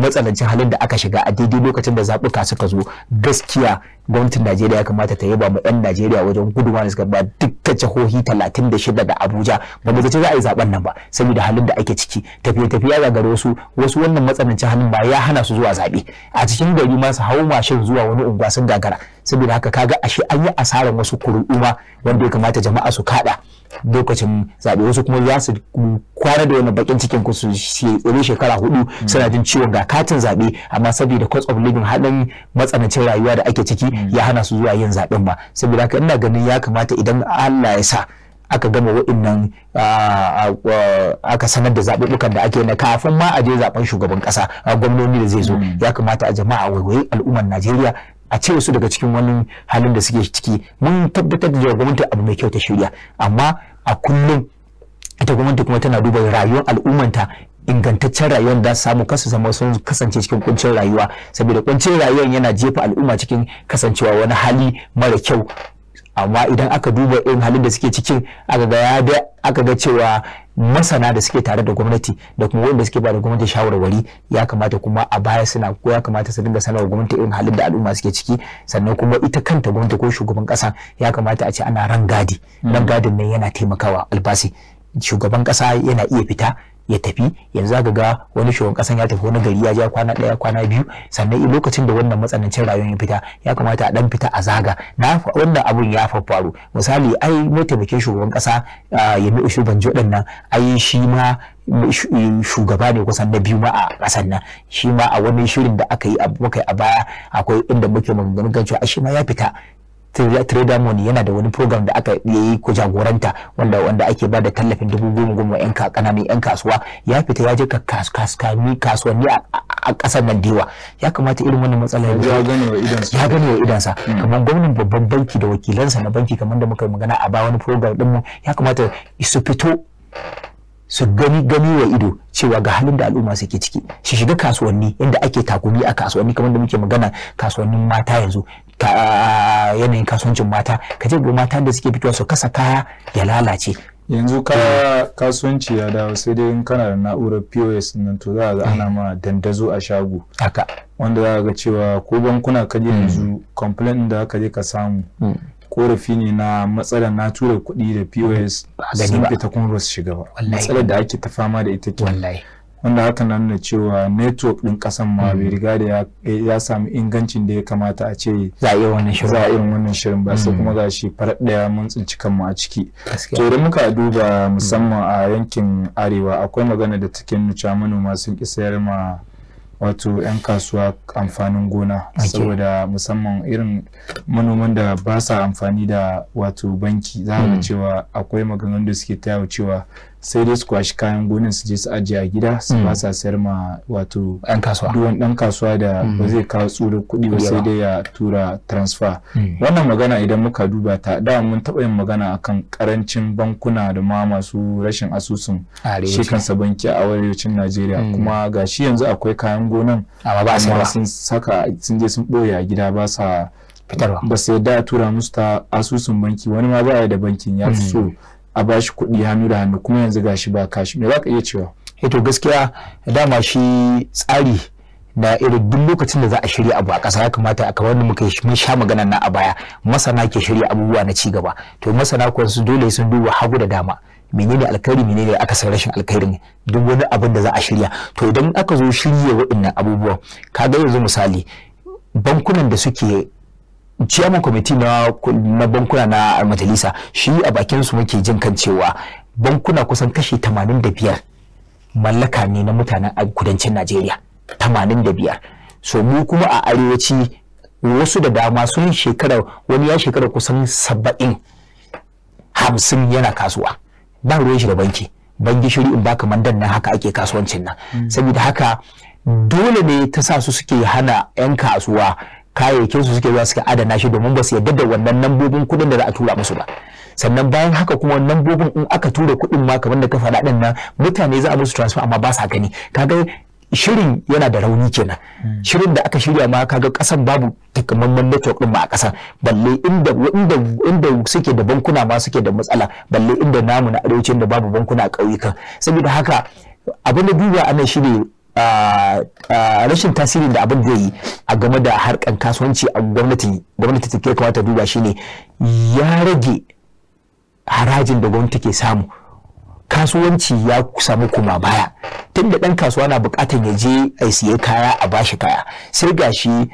matsalancin halin da aka shiga a daidai lokacin da zaɓuka suka zo gaskiya gwamnatin Najeriya ya kamata ta yaba mu ɗan Najeriya wajen guduma da suka ba dukkan jihohi 36 da Abuja ba mu zaci za a yi zaben nan ba saboda halin da ake ciki tafiye tafiye ga gare wasu wasu wannan matsanancin halin ba ya hana su zuwa zaɓe a cikin gari ma su hau mashin zuwa wani unguwa sun gagara saboda haka kaga ashe an yi asarar wasu kuru'uma wanda ya kamata jama'a su kada lokacin zaɓe wasu kuma za su kwana da wani bakin cikin ku su tsere shekara hudu suna jin ciwon ga katin zaɓe amma saboda cost of living haɗin matsanancin rayuwa da ake ciki ya hana su zuwa yin zaɓen ba saboda haka ina ganin ya kamata idan Allah ya sa aka gama wa'innan aka sanar da zaɓuɓɓukan da ake na kafin ma a je zaɓen shugaban ƙasa gwamnoni da zai zo mm. ya kamata a jama'a waiwaye al'ummar Najeriya a cire su daga cikin wani halin da suke ciki mun tabbatar da cewa gwamnati abu mai kyau ta shirya amma a kullum ita gwamnati kuma tana duba rayuwar al'ummanta ingantaccen rayuwar da samu kasu zama sun kasance cikin kuncin rayuwa saboda kuncin rayuwar yana jefa al'umma cikin kasancewa wani hali mara kyau amma idan aka duba irin halin da suke cikin aka ga cewa masana da suke tare da gwamnati da kuma wanda suke ba da gwamnati shawarwari ya kamata kuma a baya suna ko ya kamata su dinga sanarwa gwamnati irin halin da al'umma suke ciki sannan kuma ita kanta gwamnati ko shugaban kasa ya kamata a ce ana rangadi mm. rangadin nan yana taimakawa albasi shugaban kasa yana iya fita ya tafi yanzu aka ga wani shugaban kasan ya tafi wani gari ya ja kwana daya kwana biyu sannan i lokacin da wannan matsanancin rayuwar ya fita ya kamata a dan fita a zaga na wannan abun ya faru misali ai mataimakin shugaban kasa yami ushu banjo din nan ai shi ma shugaba ne kusan na biyu ma a kasan nan shi ma a wani shirin da aka yi muka a baya akwai inda muke maganganun kan cewa shi ma ya fita trader money yana da wani program da aka yi ku jagoranta wanda wanda ake bada tallafin dubu goma goma yan yan kasuwa ya fita ya je kasuwanni kasuwanni a kasar nan dewa ya kamata irin wannan matsala ya gane wa idonsa ya gane wa sa hmm. kamar gwamnan babban banki da wakilansa na banki kamar da muka magana a ba wani program din mu ya kamata su fito su gani gani wa ido cewa ga halin da al'umma suke ciki shi shiga kasuwanni inda ake takumi a kasuwanni kamar da muke magana kasuwannin mata yanzu ah, yanayin kasuwancin mata ka je mata da suke fitowa su kasa kaya ya lalace yanzu ka eh. kasuwanci ya dawo sai dai in kana da na'urar pos nan to za ga ana ma dandazo a shago haka wanda za ga cewa ko bankuna ka je hmm. yanzu complain da aka je ka samu hmm. korafi ne na matsalar na tura kuɗi da pos sun fita kuma ba su shiga ba matsalar da ake ta fama da ita ke wanda haka na nuna cewa network ɗin ƙasan ma bai riga da ya sami ingancin da ya kamata a ce za a wannan shirin ba sai mm. kuma ga shi farat ɗaya mun tsinci kanmu a ciki to da muka duba mm. musamman a yankin arewa akwai magana da take nuna manoma sun ƙi sayar ma wato 'yan kasuwa amfanin gona saboda musamman irin manoman da ba sa amfani da wato banki za a hmm. cewa akwai maganganun da suke tayawa cewa sai dai su kwashi kayan gonan su je su ajiye a gida su hmm. ba sa sayar ma wato ɗan kasuwa duwan ɗan kasuwa da hmm. ba zai kawo tsoro kuɗi ba sai dai ya tura transfer hmm. wannan magana idan muka duba ta da mun taɓa yin magana akan karancin bankuna da ma masu rashin asusun shi kansa banki a wayoyin Najeriya kuma ga shi yanzu akwai kayan gonan amma sun saka sun je sun ɓoye a gida ba sa fitarwa ba sai da tura musu ta asusun banki wani ma yi da bankin ya fi so a shi kuɗi hannu da hannu kuma yanzu gashi ba kashi me za ka iya cewa eh to gaskiya dama shi tsari na iri duk lokacin da za a shirya abu a ƙasa ya kamata a kamar da muka mun sha magana na a baya masana ke shirya abubuwa na ci gaba to masana kuwa su dole sun duba hagu da dama menene alkhairi menene aka san rashin alkhairin duk wani abin da za a shirya to idan aka zo shirya waɗannan abubuwa abubuwan kaga yanzu misali bankunan da suke chairman kwamiti na bankuna na majalisa shi a bakin su muke jin kan cewa bankuna kusan kashi 85 mallaka ne na mutanen kudancin Najeriya 85 so mu kuma a arewaci wasu da dama sun shekara wani ya shekara kusan 70 hamsin yana kasuwa ba ruwan shi da banki banki shiri in baka mandan nan haka ake kasuwancin nan hmm. saboda haka dole ne ta sa su suke hana 'yan kasuwa kayayyakin su suke zuwa suka adana shi domin ba su yarda da wannan nambobin kuɗin da za a tura musu ba sannan bayan haka kuma nambobin in aka tura kuɗin ma kamar da ka faɗa ɗin nan mutane za a musu transfer amma ba sa gani kaga shirin yana da rauni kenan hmm. shirin da aka shirya ma kaga kasan babu takamaiman network din ma a kasan balle inda inda inda suke da bankuna ma suke da matsala balle inda namu na arewacin da babu bankuna a kauyuka saboda haka abin da duba ana shirya. rashin tasirin da abin zai yi a game da harkan kasuwanci a gwamnati gwamnati take ta duba shi ne ya rage harajin da gwamnati ke samu kasuwanci ya samu kuma baya tunda ɗan kasuwa na bukatan ya je a siya kaya a bashi kaya sai gashi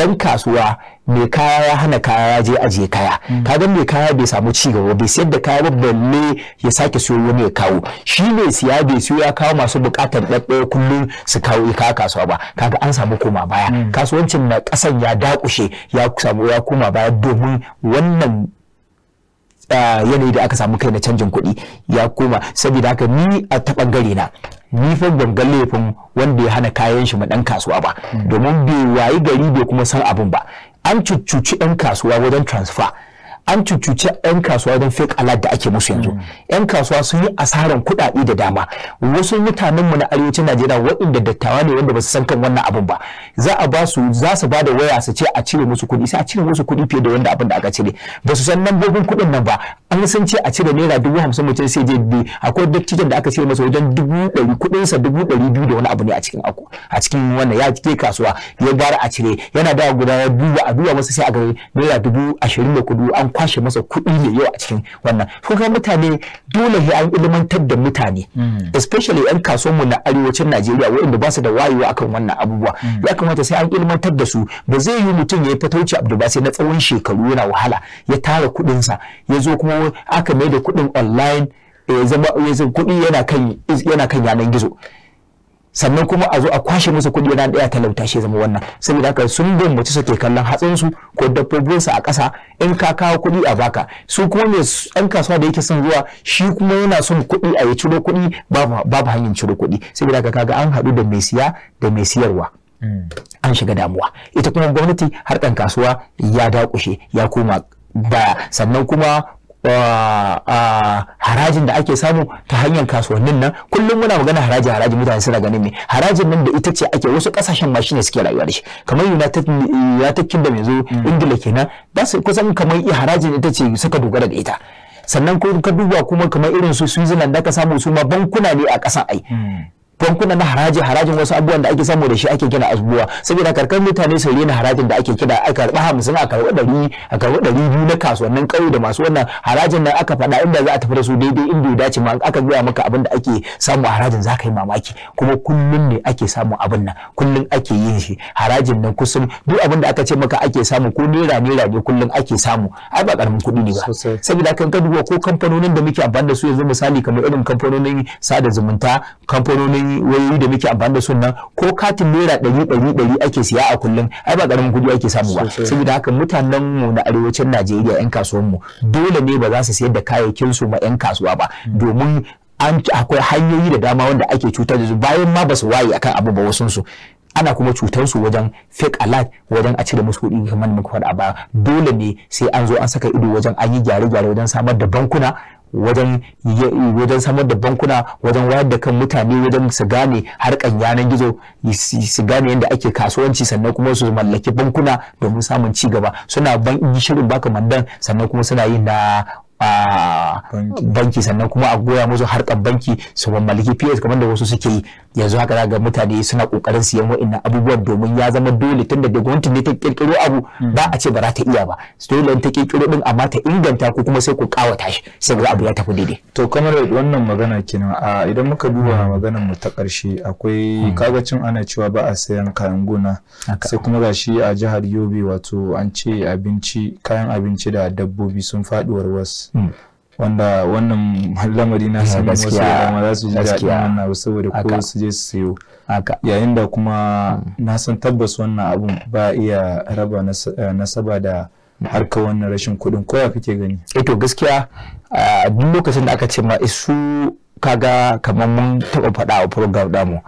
dan kasuwa mai kaya ya hana kaya ya je ajiye kaya mm. kaga mai kaya bai samu ci gaba bai sayar da kaya ba balle ya sake siyo wani ya kawo shi ne siya bai siyo ya kawo masu bukatar ɗaɗɗaya kullum su kawo ya kawo kasuwa ba kaga an samu koma baya mm. kasuwancin na ƙasan ya dakushe ya samu ya koma baya domin wannan ah, yanayi da aka samu kai na canjin kuɗi ya koma saboda haka ni a ta ɓangare na ni gangan laifin wanda ya hana kayan shi ma dan kasuwa ba hmm. domin bai wayi gari bai kuma san abin ba an cuccuci yan kasuwa wajen transfer an cucuci 'yan kasuwa don fake alert da ake musu yanzu 'yan mm. kasuwa sun yi asaran kuɗaɗe da dama wasu mutanen mu na arewacin najeriya waɗanda dattawa ne wanda ba su san kan wannan abin ba za a ba su za su ba da waya su ce a cire musu kuɗi sai a cire musu kuɗi fiye da wanda abin da aka cire ba su san lambobin kuɗin nan ba an san ce a cire naira dubu hamsin mutum sai je bi akwai dattijan da aka cire masa wajen dubu ɗari sa dubu ɗari biyu da wani abu ne a cikin a cikin wannan ya je kasuwa ya gara a cire yana da gudanar duba a duba masa sai a ga naira dubu da kuɗi an kwashe masa kuɗi mai yawa a cikin wannan kuka mutane dole ya an ilmantar da mutane mm. especially yan kasuwanmu na arewacin Najeriya waɗanda ba su da wayewa akan wannan abubuwa mm. ya kamata sai an ilmantar da su ba zai yi mutum ya yi fatauci abu ba sai na tsawon shekaru yana wahala ya tara kuɗinsa ya zo kuma aka mai da kuɗin online ya zama kuɗi yana kan yanar gizo sannan kuma a zo a kwashe musu kuɗi yana ɗaya talauta shi zama wannan saboda haka sun gwamnati suke kallon hatsinsu ko dabbobinsu a ƙasa in ka kawo kuɗi a baka su kuma mai ɗan kasuwa da yake son zuwa shi kuma yana son kuɗi a yi ciro kuɗi babu hanyar ciro kuɗi saboda haka kaga an haɗu da mai siya da mai siyarwa hmm. an shiga damuwa ita kuma gwamnati harkan kasuwa ya dakushe ya koma baya sannan kuma harajin da ake samu ta hanyar kasuwannin nan kullum muna magana haraji haraji mutane suna ganin ne harajin nan da ita ce ake wasu kasashen mashi ne suke rayuwa da shi kamar United da Kingdom zo hmm. Ingila kenan da su kusan kamar harajin ita ce suka dogara da ita sannan ka duba kuma kamar irin su Switzerland da ka samu su ma bankuna ne a ƙasa ai hmm. bankuna na haraji harajin wasu abubuwan da ake samu da shi ake kira abubuwa saboda karkar mutane su rena harajin da ake kira a karɓa hamsin a karɓa ɗari a karɓa ɗari biyu na kasuwannin ƙauye da masu wannan harajin nan aka faɗa inda za a tafi da su daidai inda ya dace ma aka gaya maka abin da ake samu a harajin za ka yi mamaki kuma kullum ne ake samu abin nan kullum ake yin shi harajin nan kusan duk abin da aka ce maka ake samu ko naira naira ne kullum ake samu ai ba karamin kuɗi ne ba saboda kan ka ko kamfanonin da muke amfani da su yanzu misali kamar irin kamfanonin sada zumunta kamfanonin wayoyi da muke amfani da sunan ko katin naira ɗari ɗari ɗari ake siya a kullum ai ba ƙaramin kuɗi ake samu ba saboda haka mutanen mu na arewacin Najeriya 'yan kasuwan mu dole ne ba za su sayar da kayayyakin su ma 'yan kasuwa ba hmm. domin an akwai hanyoyi da dama wanda ake cutar da su bayan ma ba su waye akan abu ba wasun su ana kuma cutar su wajen fake alert wajen a cire musu kuɗi kamar muka faɗa ba dole ne sai an zo an saka ido wajen an yi gyare-gyare wajen samar da bankuna wajen wajen samar da bankuna wajen wayar da kan mutane wajen su gane harkan yanar gizo su gane yadda ake kasuwanci sannan kuma su mallaki bankuna domin samun ci gaba suna ban shirin baka mandan sannan kuma suna yin na a banki sannan kuma a goya musu harkar banki su maliki POS kamar da wasu suke yanzu haka za ga mutane suna kokarin siyan wa'annan abubuwan domin ya zama dole tunda da gwamnati ne ta kirkiro abu ba hmm. a ce ba za ta iya ba dole ta kirkiro din amma ta inganta ko kuma sai ku kawata shi sai ga abu ya tafi daidai to kamar wannan magana kenan a idan muka duba hmm. maganar mu ta karshe akwai hmm. cin ana cewa ba a sayan kayan gona sai kuma gashi a jihar Yobe wato an ce abinci kayan abinci da dabbobi sun faɗi warwas Mm. wanda wannan lamari na san wasu dama za su ji daɗi wannan abu saboda ko su je su sayo yayin da kuma mm. na san tabbas wannan abun ba iya raba eh, nasaba da mm. harka wannan rashin kuɗin koya kake gani eh to gaskiya duk lokacin da aka ce ma isu eh, kaga kamar mun taɓa faɗa a program damu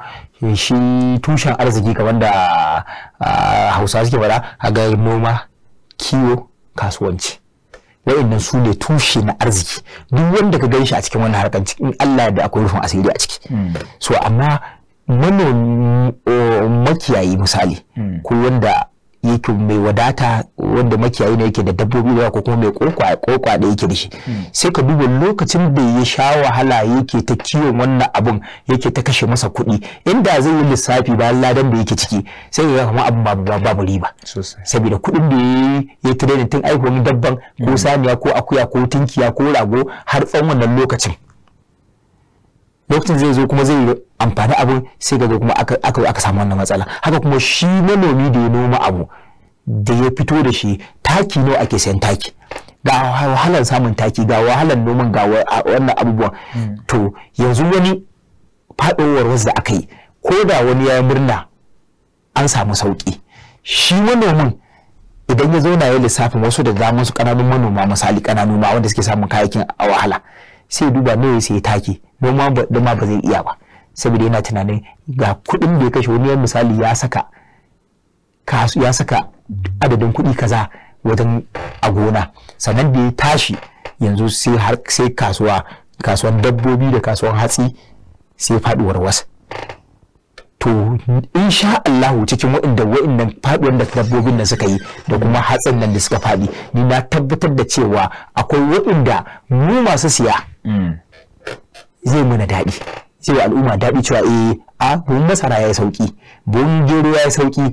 shi tushen arziki kamar da hausa suke faɗa kaga noma kiwo kasuwanci waɗannan su ne tushe na arziki duk wanda ka gan shi a cikin wannan harkar cikin Allah da akwai rufin asiri a ciki hmm. so amma manomi eh, makiyayi misali hmm. ko wanda yake mai wadata wanda makiyayi ne yake da dabbobi ko kuma mai kokwa kokwa da yake da shi hmm. sai ka duba lokacin da ya sha wahala yake ta kiwon wannan abun yake ta kashe masa kuɗi inda zai yi lissafi bayan ladan da yake ciki sai ya kuma abun babu riba saboda kuɗin da ya tirenin tun aihuwar dabban ko hmm. saniya ko akuya ko tinkiya ko rago har tsawon wannan lokacin lokacin zai zo kuma zai amfani abin sai ga kuma aka samu wannan matsala haka kuma shi manomi da ya noma abu da ya fito da shi taki nawa ake sayan taki ga wahalar samun taki ga wahalar noman ga wannan abubuwan hmm. to yanzu wani faɗowar wasu da aka yi ko da wani ya murna an samu sauƙi shi manomin idan ya zauna ya lissafin wasu da damun su ƙananun manoma misali ƙananun ma wanda suke samun kayakin a wahala sai duba nawa sai take noma ma ba zai iya ba saboda yana tunanin ga kuɗin da ya kashe wani misali ya saka ya saka adadin kuɗi kaza wajen a gona sannan da ya tashi yanzu sai har sai kasuwa kasuwan dabbobi da kasuwan hatsi sai faduwar wasu to insha Allah cikin waɗanda waɗannan faduwar da dabbobin da suka yi da kuma hatsin nan da suka faɗi ni na tabbatar da cewa akwai waɗanda mu masu siya Hmm. zai mana daɗi sai al'umma daɗi cewa eh a buhun masara ya yi sauki buhun gero ya yi sauki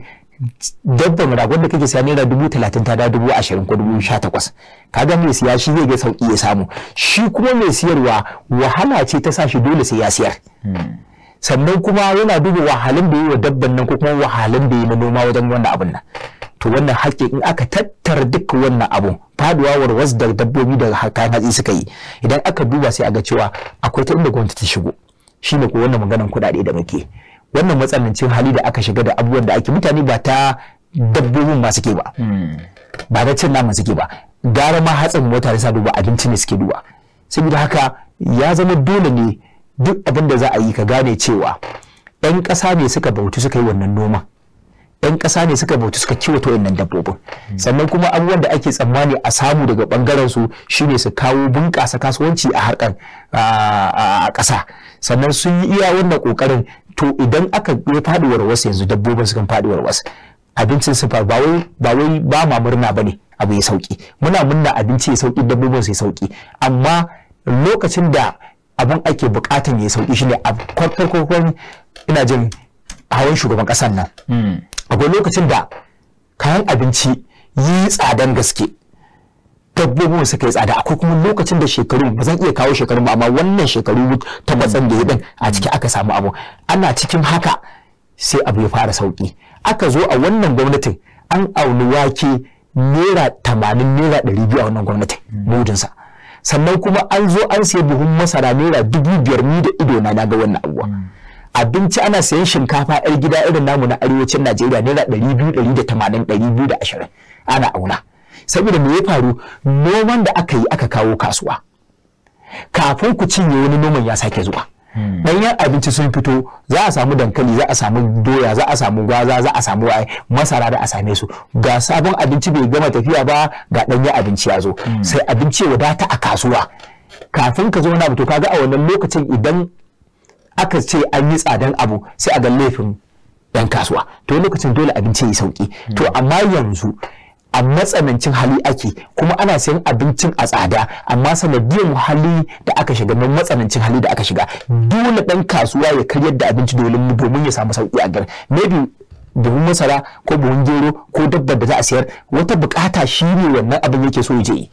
dabba ragon da kake siya naira dubu talatin ta da dubu ashirin ko dubu sha takwas kaga mai siya shi zai ga sauki ya samu shi kuma mai siyarwa wahala ce ta sa shi dole sai ya siyar hmm. sannan kuma yana duba wahalin da yi wa dabban nan ko kuma wahalin da yi na noma wajen wannan abin nan to wannan haƙƙi in aka tattara duk wannan abun faduwa warwas da dabbobi daga kayan hatsi suka yi idan aka duba sai a ga cewa akwai ta inda gwamnati ta shigo shine ko wannan maganan kuɗaɗe da muke wannan matsanancin hali da aka shiga da abubuwan da ake mutane ba ta dabbobin ma suke ba hmm. ba ta cin naman suke ba gara ma hatsin mota da sa duba abinci ne suke duba saboda haka ya zama dole ne duk abin da za a yi ka gane cewa 'yan ƙasa ne suka bautu suka yi wannan noman 'yan ƙasa ne suka bautu suka kiwata wayannan dabbobin sannan kuma abubuwan da ake tsammani a samu daga bangaren su shine su kawo bunƙasa kasuwanci a harkar a ƙasa sannan sun yi iya wannan ƙoƙarin to idan aka ya faɗuwar wasu yanzu dabbobin sukan faɗuwar wasu abincin su ba wai ba wai ba ma murna bane abu ya sauki muna murna abinci ya sauki dabbobin su ya sauki amma lokacin da abin ake bukatan ya sauki shine a farko ina jin hawan shugaban ƙasar nan hmm. akwai lokacin da kayan abinci yi tsadan gaske dabbobin suka yi tsada akwai kuma lokacin da shekaru ba zan iya kawo shekaru ba amma wannan shekaru tabbatsan da ya din a ciki aka samu abu ana cikin haka sai abu ya fara sauki aka zo a wannan gwamnatin an auni wake naira tamanin naira ɗari biyu a wannan gwamnatin mudinsa sannan kuma an zo an sai buhun masara naira dubu biyar ni da ido na ga wannan abuwa abinci ana sayan shinkafa yar gida irin namu na arewacin Najeriya naira ɗari biyu ɗari da tamanin ɗari biyu da ashirin ana auna saboda me ya faru noman da aka yi aka kawo kasuwa kafin ku cinye wani noman ya sake zuwa hmm. ɗanyen abinci sun fito za a samu dankali za a samu doya za a samu gwaza za a samu waye masara da a same su ga sabon abinci bai gama tafiya ba ga ɗanyen abinci ya zo hmm. sai abinci ya wadata a kasuwa kafin ka zo na to kaga a wannan lokacin idan aka ce an yi tsadan abu sai a ga laifin yan kasuwa to lokacin dole abinci ya sauki to amma yanzu a matsanancin hali ake kuma ana sayan abincin a tsada amma sanadiyar hali da aka shiga na matsanancin hali da aka shiga dole dan kasuwa ya karyar da abinci domin domin ya samu sauki a gar maybe buhun masara ko buhun gero ko dabbar da za a sayar wata bukata shi ne wannan abin yake so je yi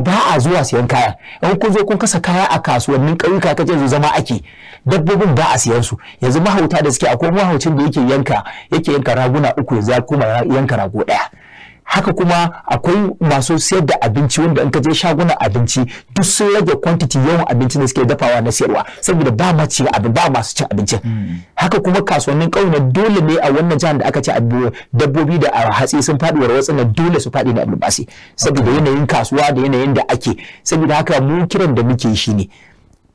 ba a zuwa siyan kaya in kun zo kun kasa kaya a kasuwannin ƙauyuka kace zo zama ake dabbobin ba a siyar su yanzu mahauta da suke akwai mahaucin da yake yanka yake yanka raguna uku ya koma yanka rago daya haka kuma akwai masu siyar da abinci wanda in ka je shagunan abinci duk sun rage quantity yawan abinci da suke dafawa na siyarwa saboda ba ma ci abin ba masu cin abinci hmm. haka kuma kasuwannin kauna dole ne a wannan jihar da aka ce dabbobi da a hatsi sun faɗi warwatsa na dole su faɗi na abin basi saboda yanayin kasuwa da yanayin da ake saboda haka mu kiran da muke shi ne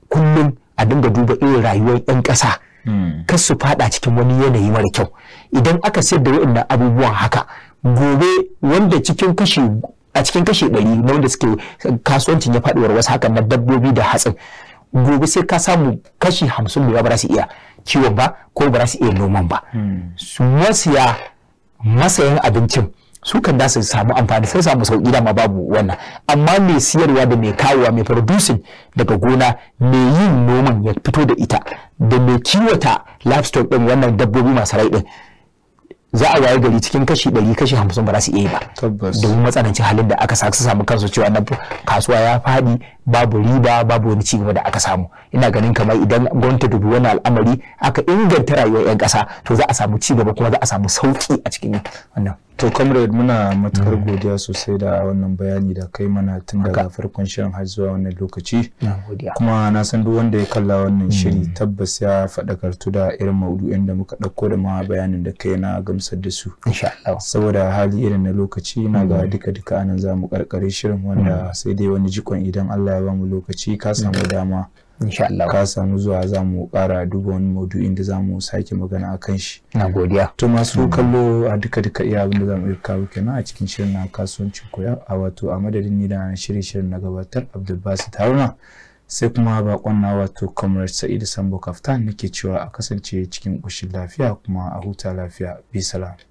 kullum a dinga duba irin rayuwar 'yan ƙasa hmm. kar su faɗa cikin wani yanayi mara kyau idan aka sayar da waɗannan abubuwan haka gobe wanda cikin kashi a cikin kashe ɗari na wanda suke kasuwancin ya faɗuwar wasu hakan na dabbobi da hatsin gobe sai ka samu kashi hamsin ba za su iya kiwon ba ko ba za su iya noman ba su masiya masayan abincin su kan da su samu amfani sai samu sauki dama babu wannan amma mai siyarwa da mai kawowa mai producing daga gona mai yin noman ya fito da ita da mai kiwata livestock din wannan dabbobi masu rai din za a waye gari cikin kashi 100 kashi 50 ba za su iya ba domin matsanancin halin da aka sa su samu kansu cewa na kasuwa ya faɗi babu riba babu wani ci gaba da aka samu ina ganin kamar idan gwamnati dubi wani al'amari aka inganta rayuwar 'yan ƙasa to za a samu ci gaba kuma za a samu sauki a cikin wannan to comrade muna matukar mm. godiya sosai da wannan bayani da kai mana tun daga farkon shirin har zuwa wannan lokaci kuma na san duk wanda ya kalla wannan mm. shiri tabbas ya faɗakartu da irin maudu'in da muka ɗauko da ma bayanin da kai na gamsar da su saboda hali irin na lokaci na ga mm. duka duka anan za mu karkare shirin wanda sai dai wani jikon idan Allah Allah ba mu lokaci ka samu mm. dama insha ka samu zuwa za mu ƙara duba wani maudu'in da za mu sake magana a kan shi na godiya to masu mm. kallo a duka duka iya abin da za mu yi kawo kenan a cikin shirin na kasuwanci koya a wato a madadin ni da shirye shirin na gabatar Abdulbasit Haruna sai kuma bakon na wato Comrade Sa'idu Sambo Kaftan nake cewa a kasance cikin ƙoshin lafiya kuma a huta lafiya bi salam